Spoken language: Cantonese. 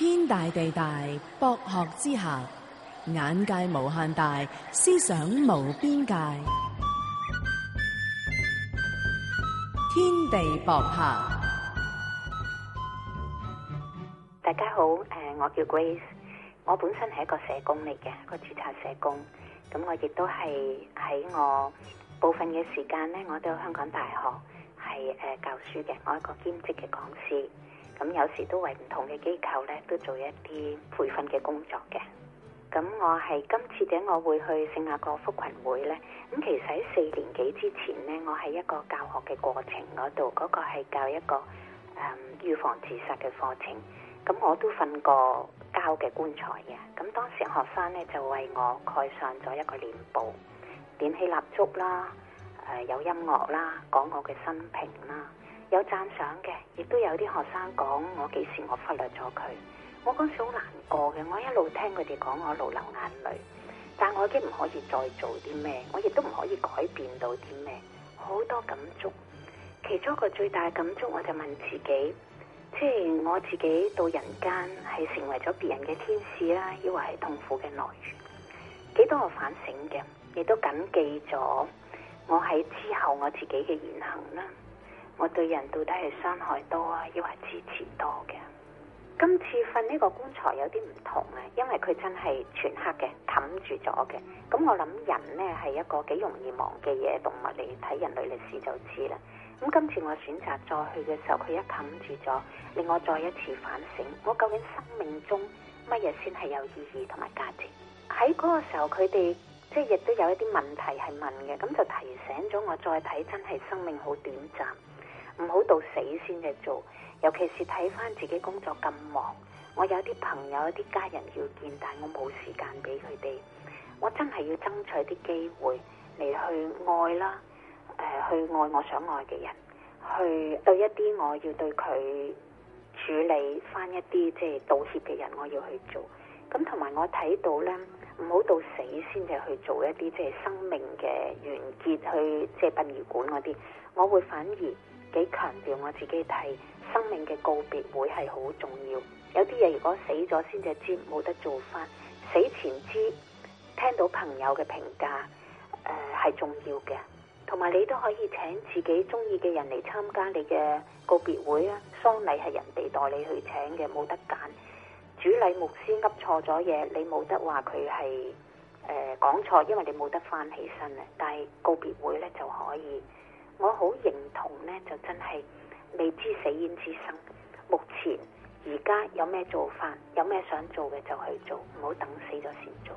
天大地大，博學之下，眼界無限大，思想無邊界。天地博客，大家好，誒，我叫 Grace，我本身係一個社工嚟嘅，一個註冊社工，咁我亦都係喺我部分嘅時間咧，我喺香港大學係誒教書嘅，我一個兼職嘅講師。咁有時都為唔同嘅機構咧，都做一啲培訓嘅工作嘅。咁我係今次嘅，我會去聖雅各福群會咧。咁其實喺四年幾之前咧，我喺一個教學嘅過程嗰度，嗰、那個係教一個誒、嗯、預防自殺嘅課程。咁我都瞓過膠嘅棺材嘅。咁當時學生咧就為我蓋上咗一個殮布，點起蠟燭啦，誒有音樂啦，講我嘅生平啦。有贊賞嘅，亦都有啲學生講我幾時我忽略咗佢，我嗰時好難過嘅，我一路聽佢哋講，我一路流眼淚，但我已經唔可以再做啲咩，我亦都唔可以改變到啲咩，好多感觸。其中一個最大嘅感觸，我就問自己，即係我自己到人間係成為咗別人嘅天使啦，抑或係痛苦嘅來源，幾多我反省嘅，亦都謹記咗我喺之後我自己嘅言行啦。我對人到底係傷害多啊，抑或支持多嘅？今次瞓呢個棺材有啲唔同啊，因為佢真係全黑嘅，冚住咗嘅。咁我諗人呢係一個幾容易忘記嘢動物嚟，睇人類歷史就知啦。咁今次我選擇再去嘅時候，佢一冚住咗，令我再一次反省：我究竟生命中乜嘢先係有意義同埋價值？喺嗰個時候，佢哋即係亦都有一啲問題係問嘅，咁就提醒咗我再睇，真係生命好短暫。唔好到死先至做，尤其是睇翻自己工作咁忙，我有啲朋友、有啲家人要見，但我冇時間俾佢哋。我真係要爭取啲機會嚟去愛啦，誒、呃，去愛我想愛嘅人，去對一啲我要對佢處理翻一啲即係道歉嘅人，我要去做。咁同埋我睇到咧，唔好到死先至去做一啲即係生命嘅完結，去即係殯儀館嗰啲，我會反而，你強調我自己睇，生命嘅告別會係好重要，有啲嘢，如果死咗先至知，冇得做翻。死前知，聽到朋友嘅評價，誒、呃、係重要嘅。同埋你都可以請自己中意嘅人嚟參加你嘅告別會啊！喪禮係人哋代你去請嘅，冇得揀。主禮牧師噏錯咗嘢，你冇得話佢係誒講錯，因為你冇得翻起身啊。但係告別會咧，就可以。我好認同呢，就真係未知死焉知生。目前而家有咩做法，有咩想做嘅就去做，唔好等死咗先做。